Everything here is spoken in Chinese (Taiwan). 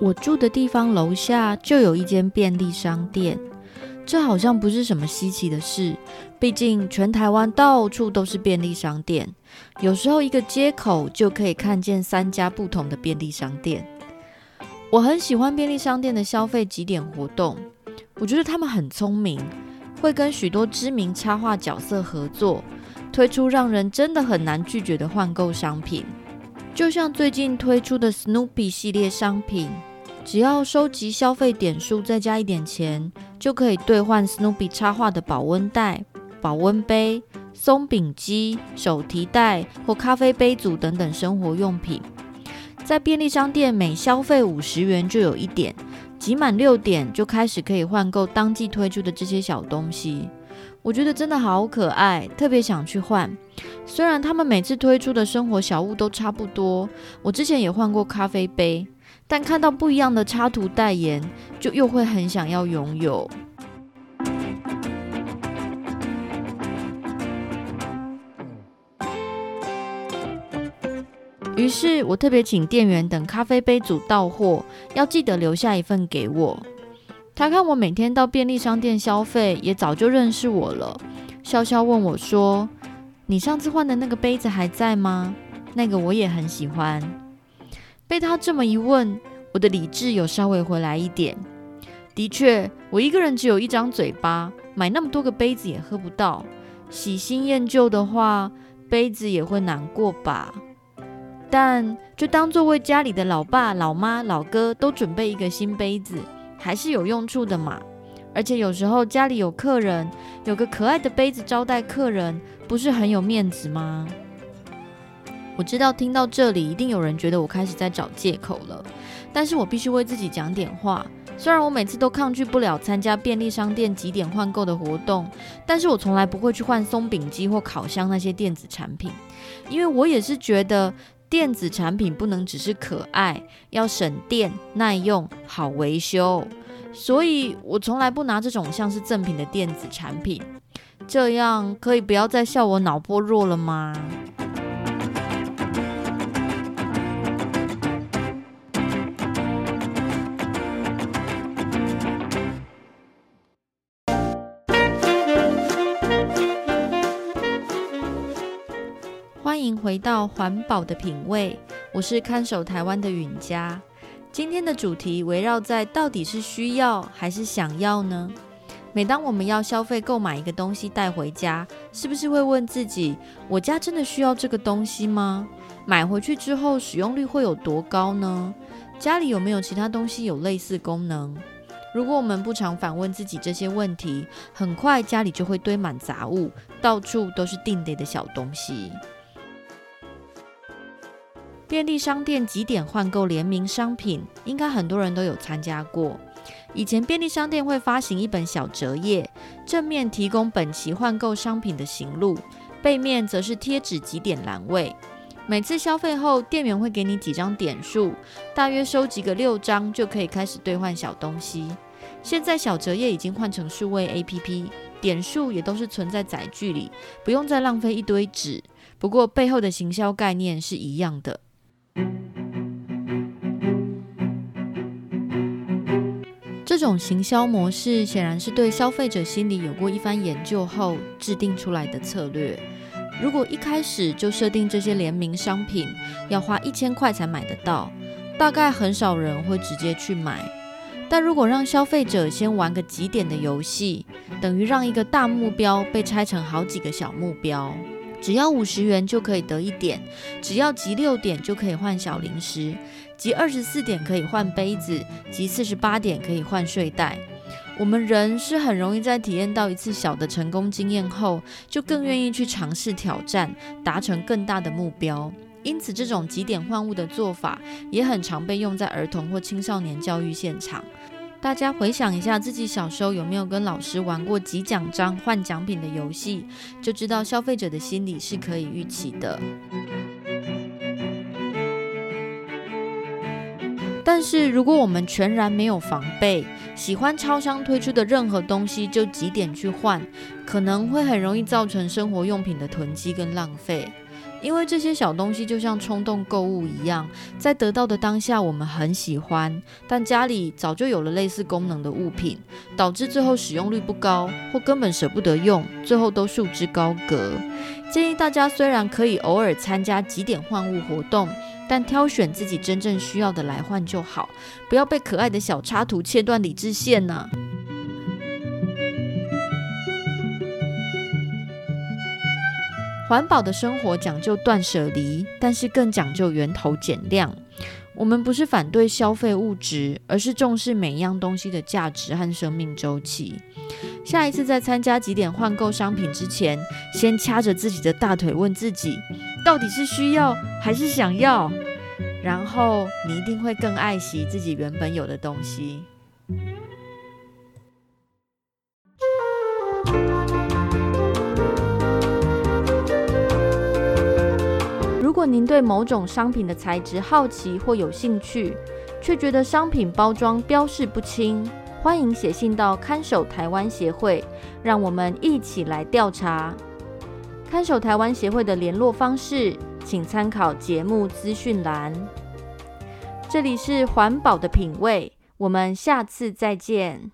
我住的地方樓下就有一間便利商店，這好像不是什麼稀奇的事，畢竟全台灣到處都是便利商店，有時候一個街口就可以看見三家不同的便利商店。我很喜歡便利商店的消費集點活動，我覺得他們很聰明，會跟許多知名插畫角色合作，推出讓人真的很難拒絕的換購商品，就像最近推出的 Snoopy 系列商品。只要收集消費點數，再加一點錢，就可以兌換 Snoopy 插畫的保溫袋、保溫杯、鬆餅機、手提袋或咖啡杯組等等生活用品。在便利商店每消費五十元就有一點，集滿六點就開始可以換購當季推出的這些小東西。我覺得真的好可愛，特別想去換。雖然他們每次推出的生活小物都差不多，我之前也換過咖啡杯。但看到不一樣的插圖代言，就又會很想要擁有。於是我特別請店員等咖啡杯組到貨，要記得留下一份給我。他看我每天到便利商店消費，也早就認識我了。笑笑問我說：“你上次換的那個杯子還在嗎？那個我也很喜歡。”被他這麼一問，我的理智有稍微回來一點。的確，我一個人只有一張嘴巴，買那麼多個杯子也喝不到。喜新厭舊的話，杯子也會難過吧？但就當作為家裡的老爸、老媽、老哥都準備一個新杯子，還是有用處的嘛。而且有時候家裡有客人，有個可愛的杯子招待客人，不是很有面子嗎？我知道聽到這裡，一定有人覺得我開始在找借口了。但是我必須為自己講點話。雖然我每次都抗拒不了參加便利商店集點換購的活動，但是我從來不會去換鬆餅機或烤箱那些電子產品，因為我也是覺得電子產品不能只是可愛，要省電、耐用、好維修。所以我從來不拿這種像是贈品的電子產品。這樣可以不要再笑我腦波弱了嗎？回到環保的品味，我是看守台灣的允嘉。今天的主題圍繞在到底是需要還是想要呢？每當我們要消費購買一個東西帶回家，是不是會問自己：我家真的需要這個東西嗎？買回去之後使用率會有多高呢？家裡有沒有其他東西有類似功能？如果我們不常反問自己這些問題，很快家裡就會堆滿雜物，到處都是定得的小東西。便利商店集點換購聯名商品，應該很多人都有參加過。以前便利商店會發行一本小折頁，正面提供本期換購商品的型錄，背面則是貼紙集點欄位。每次消費後，店員會給你幾張點數，大約收集個六張就可以開始兌換小東西。現在小折頁已經換成數位 APP，點數也都是存在載具裡，不用再浪費一堆紙。不過背後的行銷概念是一樣的。這種行銷模式顯然是對消費者心理有過一番研究後制定出來的策略。如果一開始就設定這些聯名商品要花一千塊才買得到，大概很少人會直接去買。但如果讓消費者先玩個集點的遊戲，等於讓一個大目標被拆成好幾個小目標。只要五十元就可以得一點，只要集六點就可以換小零食，集二十四點可以換杯子，集四十八點可以換睡袋。我們人是很容易在體驗到一次小的成功經驗後，就更願意去嘗試挑戰，達成更大的目標。因此，這種集點換物的做法也很常被用在兒童或青少年教育現場。大家回想一下自己小時候有沒有跟老師玩過集獎章換獎品的遊戲，就知道消費者的心理是可以預期的。但是如果我們全然沒有防備，喜歡超商推出的任何東西就集點去換，可能會很容易造成生活用品的囤積跟浪費。因為這些小東西就像衝動購物一樣，在得到的當下我們很喜歡，但家裡早就有了類似功能的物品，導致最後使用率不高，或根本捨不得用，最後都束之高閣。建議大家雖然可以偶爾參加集點換物活動，但挑選自己真正需要的來換就好，不要被可愛的小插圖切斷理智線呢、啊。環保的生活講究斷捨離，但是更講究源頭減量。我們不是反對消費物質，而是重視每樣東西的價值和生命周期。下一次在參加集點換購商品之前，先掐着自己的大腿問自己，到底是需要還是想要？然後你一定會更愛惜自己原本有的東西。如果您對某種商品的材質好奇或有興趣，卻覺得商品包裝標示不清，歡迎寫信到看守台灣協會，讓我們一起來調查。看守台灣協會的聯絡方式，請參考節目資訊欄。這裡是環保的品味，我們下次再見。